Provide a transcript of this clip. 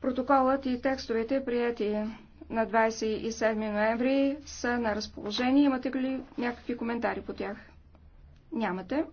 Протоколът и текстовете, прияти на 27 ноември, са на разположение. Имате ли някакви коментари по тях? Нямате.